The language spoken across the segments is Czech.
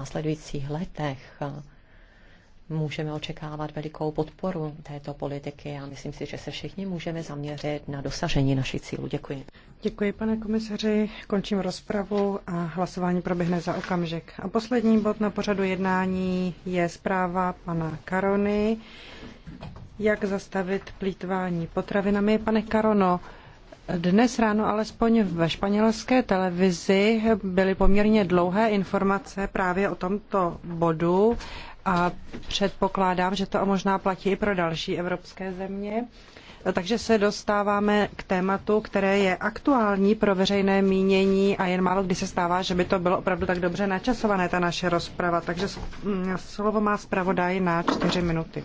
následujících letech můžeme očekávat velikou podporu této politiky a myslím si, že se všichni můžeme zaměřit na dosažení našich cílů. Děkuji. Děkuji, pane komisaři. Končím rozpravu a hlasování proběhne za okamžik. A poslední bod na pořadu jednání je zpráva pana Karony. Jak zastavit plítvání potravinami? Pane Karono, dnes ráno alespoň ve španělské televizi byly poměrně dlouhé informace právě o tomto bodu a předpokládám, že to možná platí i pro další evropské země. Takže se dostáváme k tématu, které je aktuální pro veřejné mínění a jen málo kdy se stává, že by to bylo opravdu tak dobře načasované, ta naše rozprava. Takže slovo má zpravodaj na čtyři minuty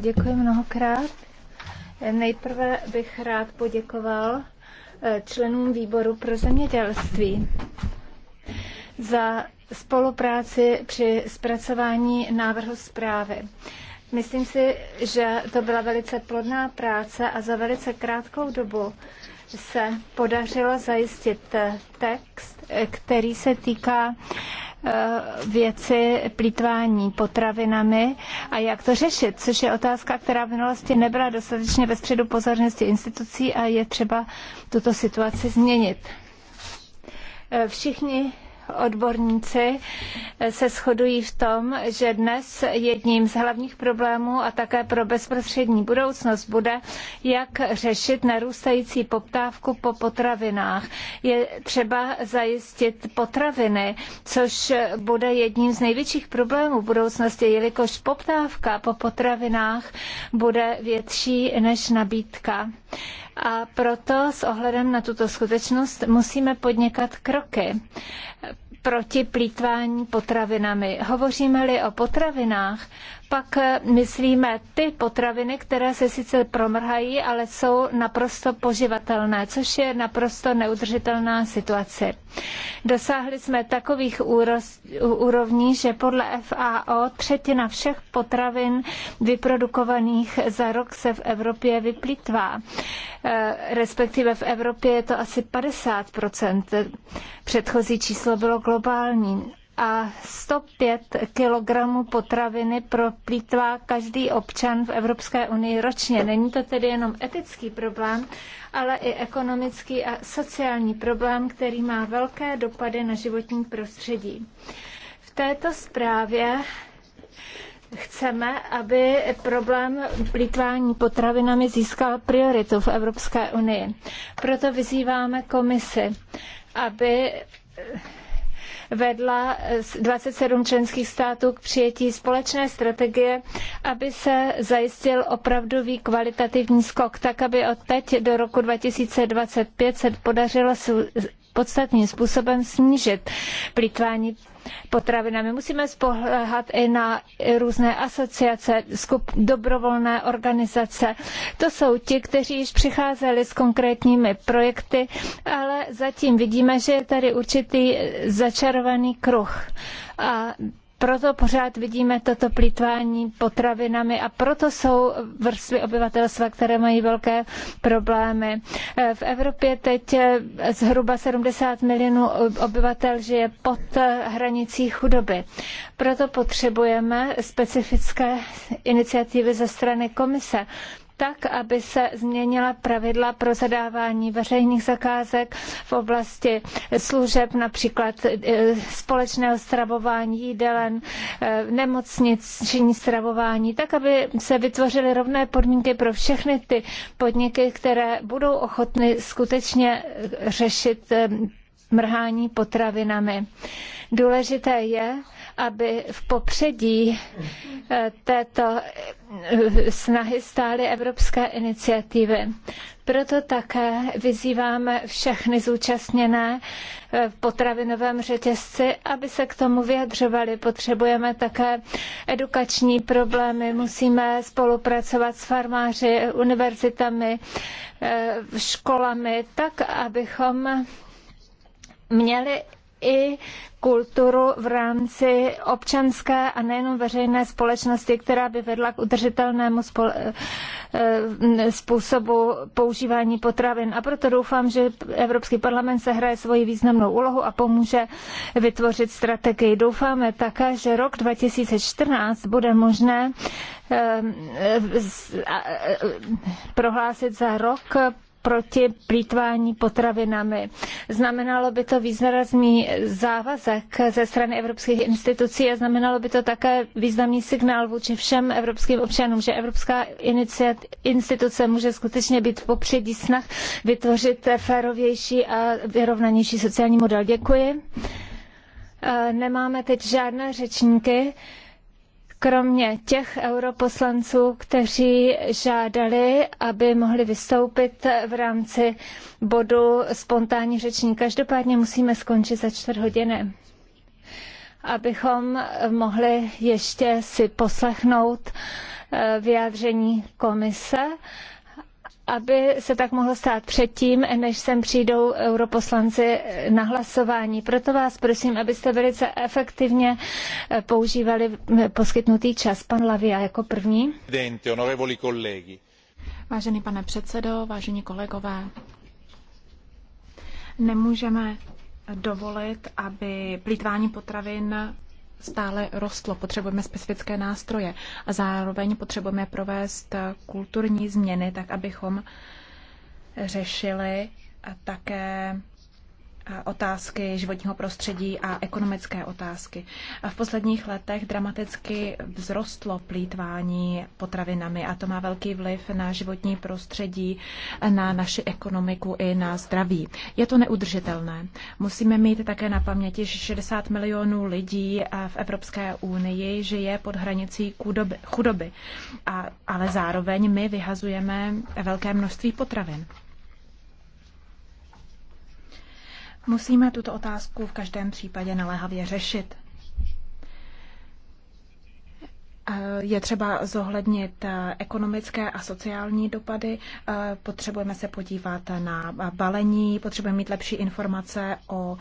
děkuji mnohokrát. Nejprve bych rád poděkoval eh, členům výboru pro zemědělství za spolupráci při zpracování návrhu zprávy. Myslím si, že to byla velice plodná práce a za velice krátkou dobu se podařilo zajistit eh, text, eh, který se týká Eh, věci plítvání potravinami a jak to řešit, což je otázka, která v minulosti nebyla dostatečně ve středu pozornosti institucí a je třeba tuto situaci změnit. Eh, všichni odborníci se shodují v tom, že dnes jedním z hlavních problémů a také pro bezprostřední budoucnost bude, jak řešit narůstající poptávku po potravinách. Je třeba zajistit potraviny, což bude jedním z největších problémů v budoucnosti, jelikož poptávka po potravinách bude větší než nabídka. A proto s ohledem na tuto skutečnost musíme podnikat kroky proti plítvání potravinami. Hovoříme-li o potravinách, pak eh, myslíme ty potraviny, které se sice promrhají, ale jsou naprosto poživatelné, což je naprosto neudržitelná situace. Dosáhli jsme takových úrovní, že podle FAO třetina všech potravin vyprodukovaných za rok se v Evropě vyplýtvá. Eh, respektive v Evropě je to asi 50 Předchozí číslo bylo globální a 105 kg potraviny proplítvá každý občan v Evropské unii ročně. Není to tedy jenom etický problém, ale i ekonomický a sociální problém, který má velké dopady na životní prostředí. V této zprávě Chceme, aby problém plýtvání potravinami získal prioritu v Evropské unii. Proto vyzýváme komisi, aby vedla 27 členských států k přijetí společné strategie, aby se zajistil opravdový kvalitativní skok, tak aby od teď do roku 2025 se podařilo podstatným způsobem snížit plítvání potravinami. Musíme spolehat i na různé asociace, skup, dobrovolné organizace. To jsou ti, kteří již přicházeli s konkrétními projekty, ale zatím vidíme, že je tady určitý začarovaný kruh. A proto pořád vidíme toto plítvání potravinami a proto jsou vrstvy obyvatelstva, které mají velké problémy. V Evropě teď zhruba 70 milionů obyvatel žije pod hranicí chudoby. Proto potřebujeme specifické iniciativy ze strany komise, tak, aby se změnila pravidla pro zadávání veřejných zakázek v oblasti služeb, například eh, společného stravování jídelen, eh, nemocniční stravování, tak, aby se vytvořily rovné podmínky pro všechny ty podniky, které budou ochotny skutečně eh, řešit mrhání potravinami. Důležité je, aby v popředí eh, této eh, snahy stály evropské iniciativy. Proto také vyzýváme všechny zúčastněné eh, v potravinovém řetězci, aby se k tomu vyjadřovali. Potřebujeme také edukační problémy, musíme spolupracovat s farmáři, univerzitami, školami, tak, abychom měli i kulturu v rámci občanské a nejenom veřejné společnosti, která by vedla k udržitelnému eh, eh, způsobu používání potravin. A proto doufám, že Evropský parlament se hraje svoji významnou úlohu a pomůže vytvořit strategii. Doufáme také, že rok 2014 bude možné eh, prohlásit za rok proti plítvání potravinami. Znamenalo by to významný závazek ze strany evropských institucí a znamenalo by to také významný signál vůči všem evropským občanům, že Evropská instituce může skutečně být v popředí snah vytvořit férovější a vyrovnanější sociální model. Děkuji. E, nemáme teď žádné řečníky kromě těch europoslanců, kteří žádali, aby mohli vystoupit v rámci bodu spontánní řeční. Každopádně musíme skončit za čtvrt hodiny abychom mohli ještě si poslechnout eh, vyjádření komise aby se tak mohlo stát předtím, než sem přijdou europoslanci na hlasování. Proto vás prosím, abyste velice efektivně eh, používali eh, poskytnutý čas. Pan Lavia jako první. Vážený pane předsedo, vážení kolegové, nemůžeme dovolit, aby plítvání potravin stále rostlo. Potřebujeme specifické nástroje a zároveň potřebujeme provést kulturní změny, tak abychom řešili také otázky životního prostředí a ekonomické otázky. V posledních letech dramaticky vzrostlo plítvání potravinami a to má velký vliv na životní prostředí, na naši ekonomiku i na zdraví. Je to neudržitelné. Musíme mít také na paměti, že 60 milionů lidí v Evropské unii žije pod hranicí chudoby, a, ale zároveň my vyhazujeme velké množství potravin. Musíme tuto otázku v každém případě naléhavě řešit. Eh, je třeba zohlednit eh, ekonomické a sociální dopady, eh, potřebujeme se podívat na balení, potřebujeme mít lepší informace o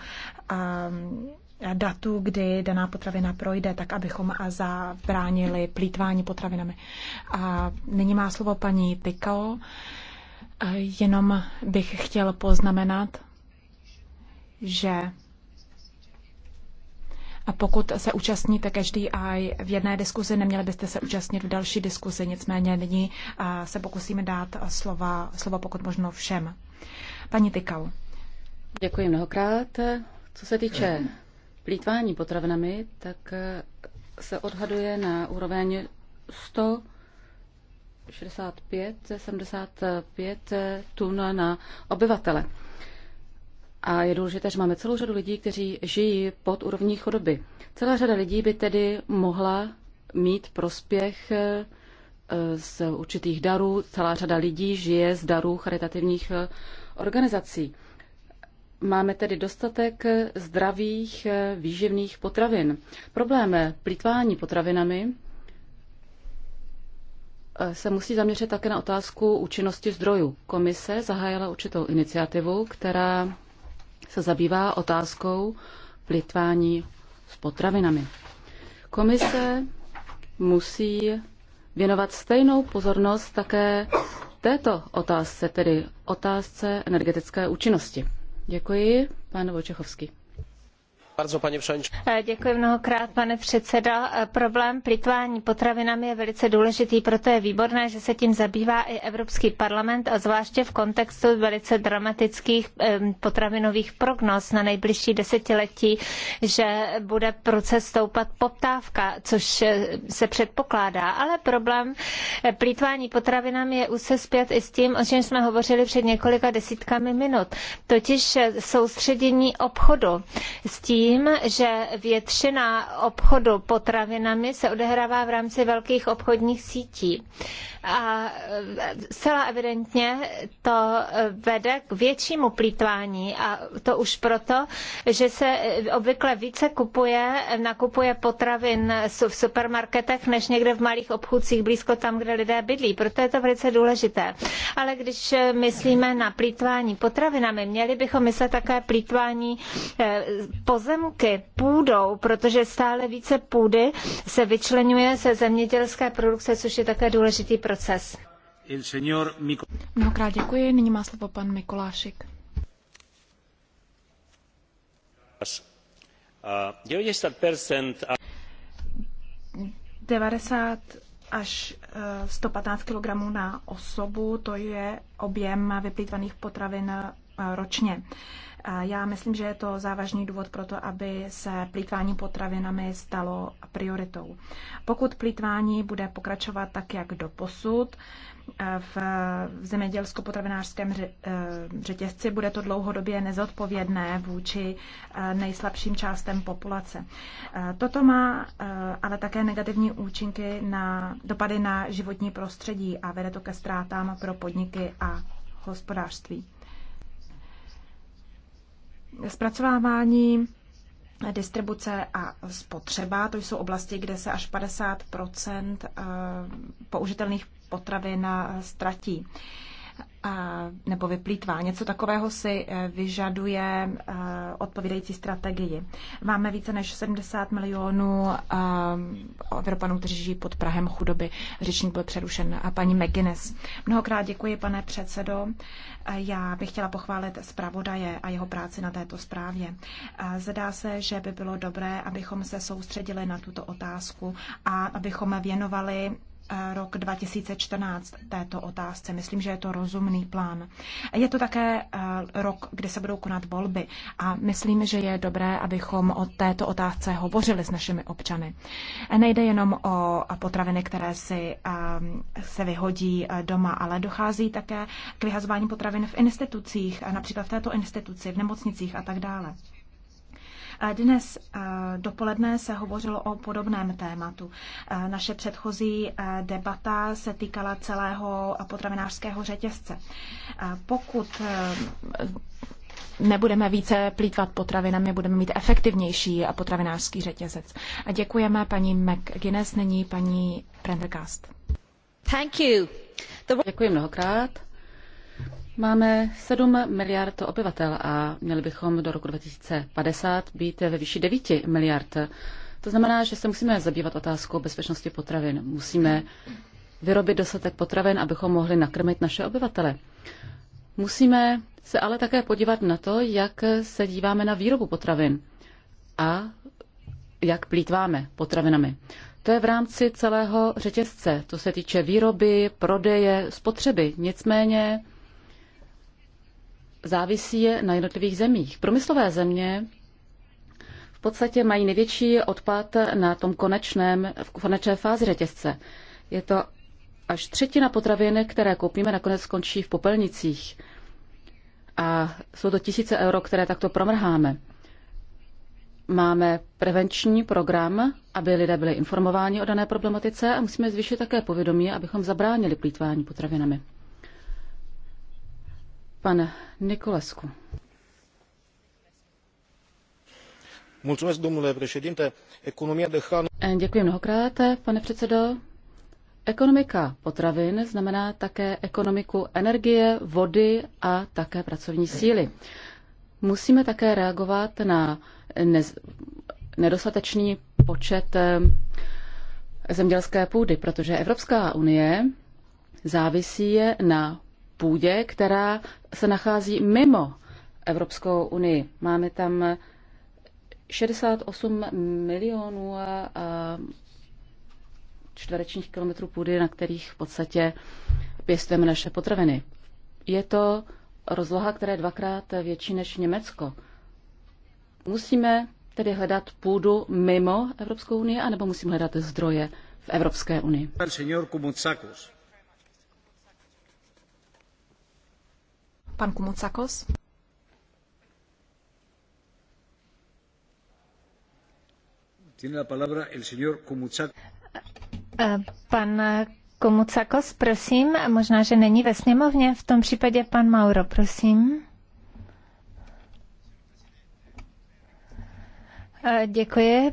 datu, kdy daná potravina projde, tak abychom zabránili plítvání potravinami. A nyní má slovo paní Pikao. Jenom bych chtěl poznamenat, že a pokud se účastníte každý aj v jedné diskuzi, neměli byste se účastnit v další diskuzi, nicméně nyní se pokusíme dát slova, slova pokud možno všem. Paní Tykal. Děkuji mnohokrát. Co se týče plítvání potravinami, tak e, se odhaduje na úroveň 165 75 e, tun na obyvatele. A je důležité, že máme celou řadu lidí, kteří žijí pod úrovní chudoby. Celá řada lidí by tedy mohla mít prospěch eh, z určitých darů. Celá řada lidí žije z darů charitativních eh, organizací. Máme tedy dostatek zdravých eh, výživných potravin. Problém plítvání potravinami se musí zaměřit také na otázku účinnosti zdrojů. Komise zahájila určitou iniciativu, která se zabývá otázkou plitvání s potravinami. Komise musí věnovat stejnou pozornost také této otázce, tedy otázce energetické účinnosti. Děkuji, pan Vočechovský. E, děkuji mnohokrát, pane předseda. E, problém plýtvání potravinami je velice důležitý, proto je výborné, že se tím zabývá i Evropský parlament a zvláště v kontextu velice dramatických e, potravinových prognóz na nejbližší desetiletí, že bude proces stoupat poptávka, což se předpokládá. Ale problém plýtvání potravinami je už se zpět i s tím, o čem jsme hovořili před několika desítkami minut, totiž soustředění obchodu s tím, tím, že většina obchodu potravinami se odehrává v rámci velkých obchodních sítí. A e, zcela evidentně to e, vede k většímu plítvání a to už proto, že se e, obvykle více kupuje, nakupuje potravin v supermarketech, než někde v malých obchůdcích blízko tam, kde lidé bydlí. Proto je to velice důležité. Ale když myslíme na plítvání potravinami, měli bychom myslet také plítvání pozemky pozemky půdou, protože stále více půdy se vyčlenuje ze zemědělské produkce, což je také důležitý proces. Mnohokrát děkuji. Nyní má slovo pan Mikolášik. 90 až 115 eh, kg na osobu, to je objem vyplýtvaných potravin eh, ročně. Já myslím, že je to závažný důvod pro to, aby se plítvání potravinami stalo prioritou. Pokud plítvání bude pokračovat tak, jak do posud, v zemědělsko-potravinářském eh, řetězci bude to dlouhodobě nezodpovědné vůči eh, nejslabším částem populace. Eh, toto má ale také negativní účinky na dopady na životní prostředí a vede to ke ztrátám pro podniky a hospodářství zpracovávání, distribuce a spotřeba, to jsou oblasti, kde se až 50 eh, použitelných potravin eh, ztratí nebo vyplýtvá. Něco takového si eh, vyžaduje eh, odpovídající strategii. Máme více než 70 milionů eh, Evropanů, kteří žijí pod Prahem chudoby. Řečník byl přerušen. A paní McGuinness. Mnohokrát děkuji, pane předsedo. Já bych chtěla pochválit zpravodaje a jeho práci na této zprávě. Zdá se, že by bylo dobré, abychom se soustředili na tuto otázku a abychom věnovali rok 2014 této otázce. Myslím, že je to rozumný plán. Je to také eh, rok, kdy se budou konat volby a myslím, že je dobré, abychom o této otázce hovořili s našimi občany. Nejde jenom o potraviny, které si eh, se vyhodí eh, doma, ale dochází také k vyhazování potravin v institucích, například v této instituci, v nemocnicích a tak dále. Dnes eh, dopoledne se hovořilo o podobném tématu. Eh, naše předchozí eh, debata se týkala celého potravinářského řetězce. Pokud nebudeme více plítvat potravinami, budeme mít efektivnější potravinářský řetězec. A děkujeme paní McGuinness, nyní paní Prendergast. Thank you. Děkuji mnohokrát Máme 7 miliard obyvatel a měli bychom do roku 2050 být ve výši 9 miliard. To znamená, že se musíme zabývat otázkou bezpečnosti potravin. Musíme vyrobit dostatek potravin, abychom mohli nakrmit naše obyvatele. Musíme se ale také podívat na to, jak se díváme na výrobu potravin a jak plítváme potravinami. To je v rámci celého řetězce, to se týče výroby, prodeje, spotřeby. Nicméně závisí na jednotlivých zemích. Promyslové země v podstatě mají největší odpad na tom konečném, v konečné fázi řetězce. Je to až třetina potravin, které koupíme, nakonec skončí v popelnicích. A jsou to tisíce euro, které takto promrháme. Máme prevenční program, aby lidé byli informováni o dané problematice a musíme zvýšit také povědomí, abychom zabránili plítvání potravinami. Pan Nicolescu. Mulțumesc, domnule președinte. Economia de hrană... Eh, děkuji mnohokrát, eh, pane předsedo. Ekonomika potravin znamená také ekonomiku energie, vody a také pracovní síly. Musíme také reagovat na nez... nedostatečný počet eh, zemědělské půdy, protože Evropská unie závisí na půdě, která se nachází mimo Evropskou unii. Máme tam 68 milionů čtverečních kilometrů půdy, na kterých v podstatě pěstujeme naše potraviny. Je to rozloha, která je dvakrát větší než Německo. Musíme tedy hledat půdu mimo Evropskou unii, anebo musíme hledat zdroje v Evropské unii. Pan Kumucakos. la eh, Kumucakos. Pan Komucakos, prosím, možná, že není ve sněmovně, v tom případě pan Mauro, prosím. Eh, děkuji,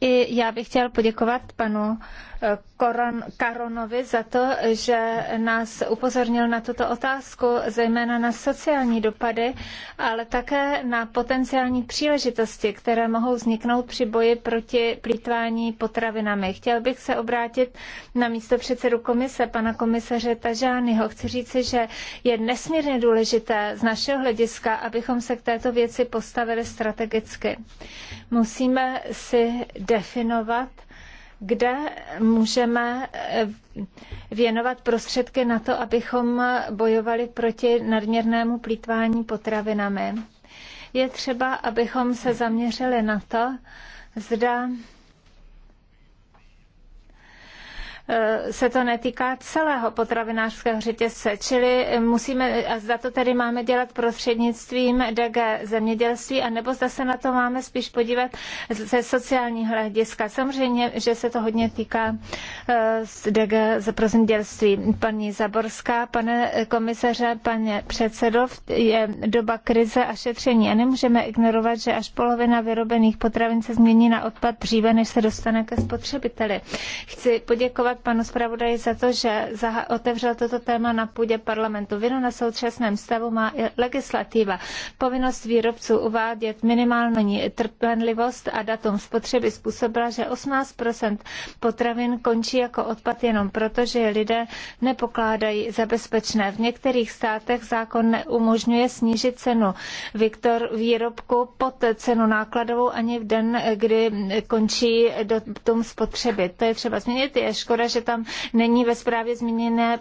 i já bych chtěl poděkovat panu eh, Koron, Karonovi za to, že nás upozornil na tuto otázku, zejména na sociální dopady, ale také na potenciální příležitosti, které mohou vzniknout při boji proti plítvání potravinami. Chtěl bych se obrátit na místo předsedu komise, pana komisaře Tajányho. Chci říci, že je nesmírně důležité z našeho hlediska, abychom se k této věci postavili strategicky. Musíme si definovat, kde můžeme eh, věnovat prostředky na to, abychom bojovali proti nadměrnému plítvání potravinami. Je třeba, abychom se zaměřili na to, zda Eh, se to netýká celého potravinářského řetězce, čili musíme, a zda to tedy máme dělat prostřednictvím DG zemědělství, anebo zda se na to máme spíš podívat ze sociálního hlediska. Samozřejmě, že se to hodně týká eh, DG zemědělství. Paní Zaborská, pane komisaře, pane předsedo, je doba krize a šetření a nemůžeme ignorovat, že až polovina vyrobených potravin se změní na odpad dříve, než se dostane ke spotřebiteli. Chci poděkovat poděkovat panu zpravodaji za to, že otevřel toto téma na půdě parlamentu. Vinu na současném stavu má i legislativa. Povinnost výrobců uvádět minimální trpenlivost a datum spotřeby způsobila, že 18 potravin končí jako odpad jenom proto, že je lidé nepokládají za bezpečné. V některých státech zákon neumožňuje snížit cenu Viktor výrobku pod cenu nákladovou ani v den, kdy končí datum spotřeby. To je třeba změnit. Je škoda, že tam není ve zprávě zmíněné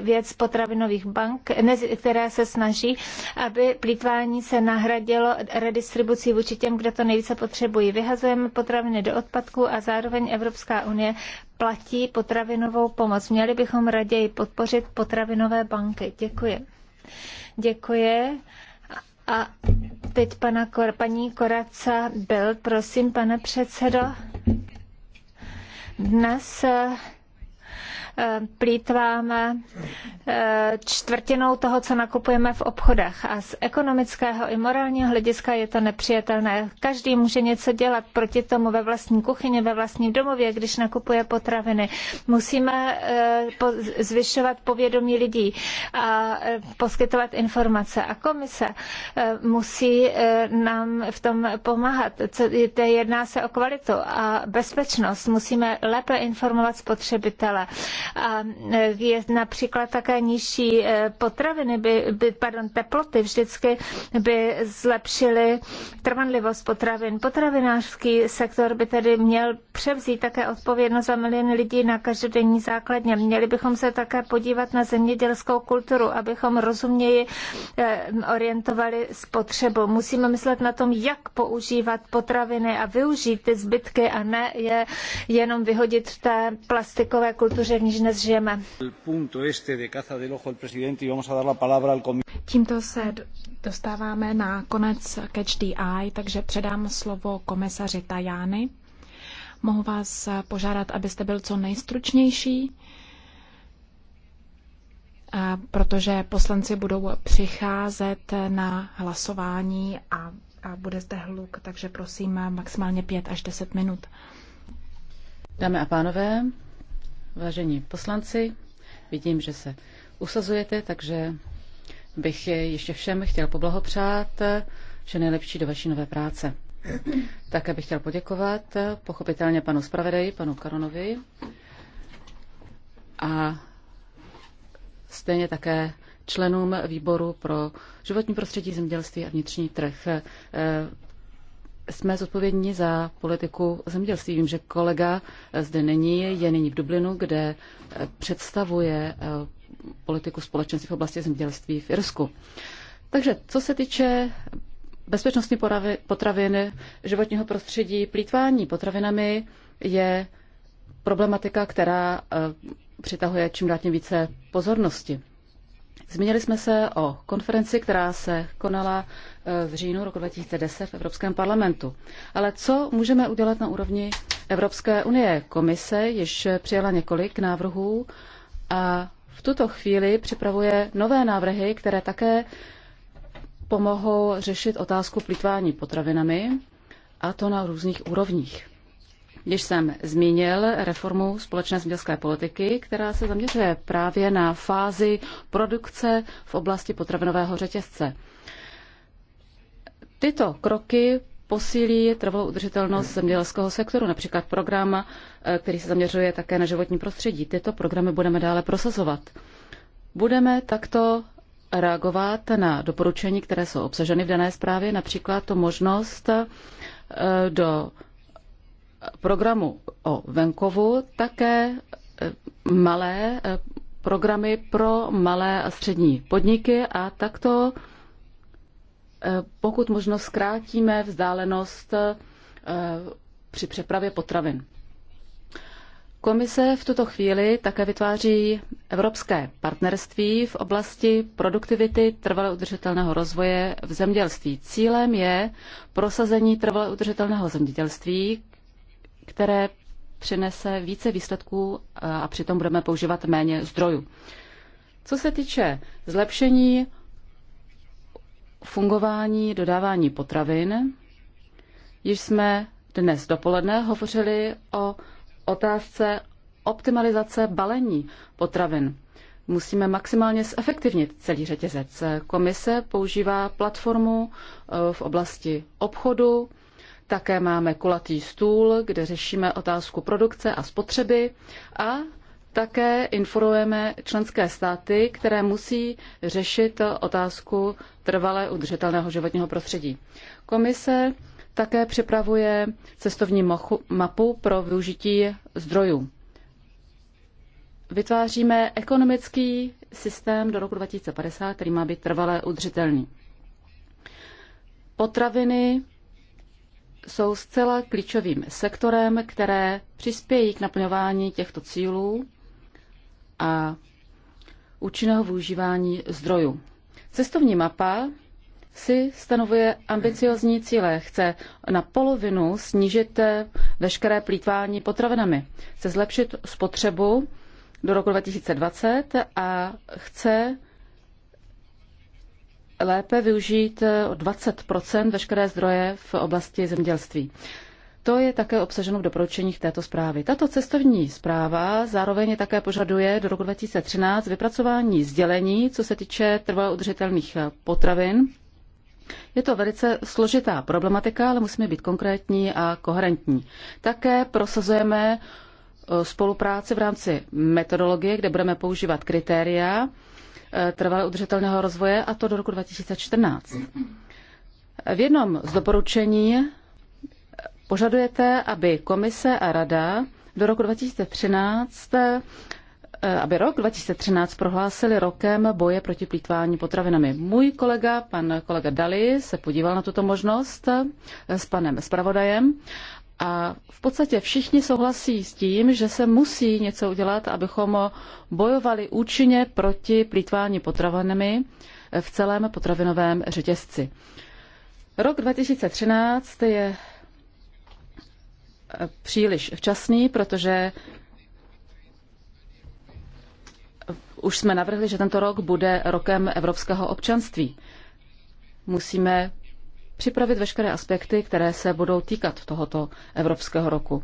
věc potravinových bank, které se snaží, aby plítvání se nahradilo redistribucí vůči těm, kde to nejvíce potřebují. Vyhazujeme potraviny do odpadku a zároveň Evropská unie platí potravinovou pomoc. Měli bychom raději podpořit potravinové banky. Děkuji. Děkuji. A teď pana, paní Koraca byl, prosím, pane předsedo. Dnes plítváme eh, čtvrtinou toho, co nakupujeme v obchodech. A z ekonomického i morálního hlediska je to nepřijatelné. Každý může něco dělat proti tomu ve vlastní kuchyni, ve vlastním domově, když nakupuje potraviny. Musíme eh, zvyšovat povědomí lidí a eh, poskytovat informace. A komise musí nám v tom pomáhat. Jedná se o kvalitu a bezpečnost. Musíme lépe informovat spotřebitele a e, je například také nižší e, potraviny, by, by, pardon, teploty vždycky by zlepšily trvanlivost potravin. Potravinářský sektor by tedy měl převzít také odpovědnost za miliony lidí na každodenní základně. Měli bychom se také podívat na zemědělskou kulturu, abychom rozuměji e, orientovali spotřebu. Musíme myslet na tom, jak používat potraviny a využít ty zbytky a ne je jenom vyhodit v té plastikové kultuře v níž dnes žijeme. Tímto se dostáváme na konec Catch the Eye, takže předám slovo komisaři Tajány. Mohu vás požádat, abyste byl co nejstručnější, protože poslanci budou přicházet na hlasování a, a bude zde hluk, takže prosím maximálně 5 až 10 minut. Dámy a pánové, Vážení poslanci, vidím, že se usazujete, takže bych ještě všem chtěl poblahopřát vše nejlepší do vaší nové práce. Také bych chtěl poděkovat pochopitelně panu zpravodaji, panu Karonovi a stejně také členům výboru pro životní prostředí, zemědělství a vnitřní trh jsme zodpovědní za politiku zemědělství. Vím, že kolega zde není, je nyní v Dublinu, kde eh, představuje eh, politiku společenství v oblasti zemědělství v Irsku. Takže co se týče bezpečnostní potravin, životního prostředí, plítvání potravinami je problematika, která eh, přitahuje čím dál tím více pozornosti. Zmínili jsme se o konferenci, která se konala e, v říjnu roku 2010 v Evropském parlamentu. Ale co můžeme udělat na úrovni Evropské unie? Komise již přijala několik návrhů a v tuto chvíli připravuje nové návrhy, které také pomohou řešit otázku plýtvání potravinami, a to na různých úrovních. Když jsem zmínil reformu společné zemědělské politiky, která se zaměřuje právě na fázi produkce v oblasti potravinového řetězce. Tyto kroky posílí trvalou udržitelnost zemědělského sektoru, například program, eh, který se zaměřuje také na životní prostředí. Tyto programy budeme dále prosazovat. Budeme takto reagovat na doporučení, které jsou obsaženy v dané zprávě, například to možnost eh, do programu o venkovu také e, malé e, programy pro malé a střední podniky a takto e, pokud možno zkrátíme vzdálenost při přepravě potravin. Komise v tuto chvíli také vytváří evropské partnerství v oblasti produktivity trvale udržitelného rozvoje v zemědělství. Cílem je prosazení trvale udržitelného zemědělství, které přinese více výsledků eh, a přitom budeme používat méně zdrojů. Co se týče zlepšení fungování dodávání potravin, již jsme dnes dopoledne hovořili o otázce optimalizace balení potravin. Musíme maximálně zefektivnit celý řetězec. Komise používá platformu eh, v oblasti obchodu, také máme kulatý stůl, kde řešíme otázku produkce a spotřeby a také informujeme členské státy, které musí řešit otázku trvale udržitelného životního prostředí. Komise také připravuje cestovní mapu pro využití zdrojů. Vytváříme ekonomický systém do roku 2050, který má být trvale udržitelný. Potraviny jsou zcela klíčovým sektorem, které přispějí k naplňování těchto cílů a účinného využívání zdrojů. Cestovní mapa si stanovuje ambiciozní cíle. Chce na polovinu snížit veškeré plítvání potravinami. Chce zlepšit spotřebu do roku 2020 a chce lépe využít eh, o 20 veškeré zdroje v oblasti zemědělství. To je také obsaženo v doporučeních této zprávy. Tato cestovní zpráva zároveň také požaduje do roku 2013 vypracování sdělení, co se týče trvalo udržitelných eh, potravin. Je to velice složitá problematika, ale musíme být konkrétní a koherentní. Také prosazujeme eh, spolupráci v rámci metodologie, kde budeme používat kritéria, Eh, trvale udržitelného rozvoje a to do roku 2014. V jednom z doporučení požadujete, aby komise a rada do roku 2013 eh, aby rok 2013 prohlásili rokem boje proti plítvání potravinami. Můj kolega, pan kolega Dali, se podíval na tuto možnost eh, s panem zpravodajem a v podstatě všichni souhlasí s tím, že se musí něco udělat, abychom bojovali účinně proti plítvání potravinami v celém potravinovém řetězci. Rok 2013 je eh, příliš včasný, protože už jsme navrhli, že tento rok bude rokem evropského občanství. Musíme připravit veškeré aspekty, které se budou týkat tohoto Evropského roku.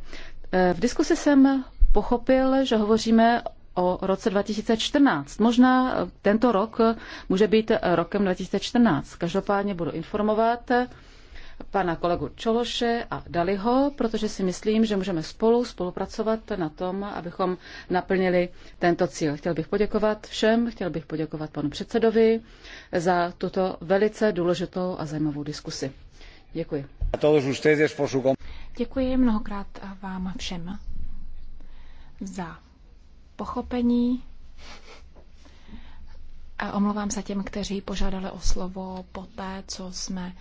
Eh, v diskusi jsem pochopil, že hovoříme o roce 2014. Možná eh, tento rok eh, může být rokem 2014. Každopádně budu informovat pana kolegu Čološe a Daliho, protože si myslím, že můžeme spolu spolupracovat na tom, abychom naplnili tento cíl. Chtěl bych poděkovat všem, chtěl bych poděkovat panu předsedovi za tuto velice důležitou a zajímavou diskusi. Děkuji. A Děkuji mnohokrát vám všem za pochopení. A omlouvám se těm, kteří požádali o slovo po té, co jsme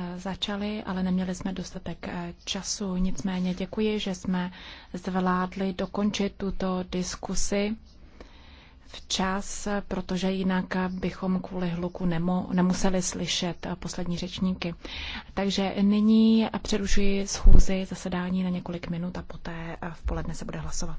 Eh, začali, ale neměli jsme dostatek eh, času. Nicméně děkuji, že jsme zvládli dokončit tuto diskusi včas, protože jinak bychom kvůli hluku nemo, nemuseli slyšet poslední řečníky. Takže nyní přerušuji schůzi zasedání na několik minut a poté v poledne se bude hlasovat.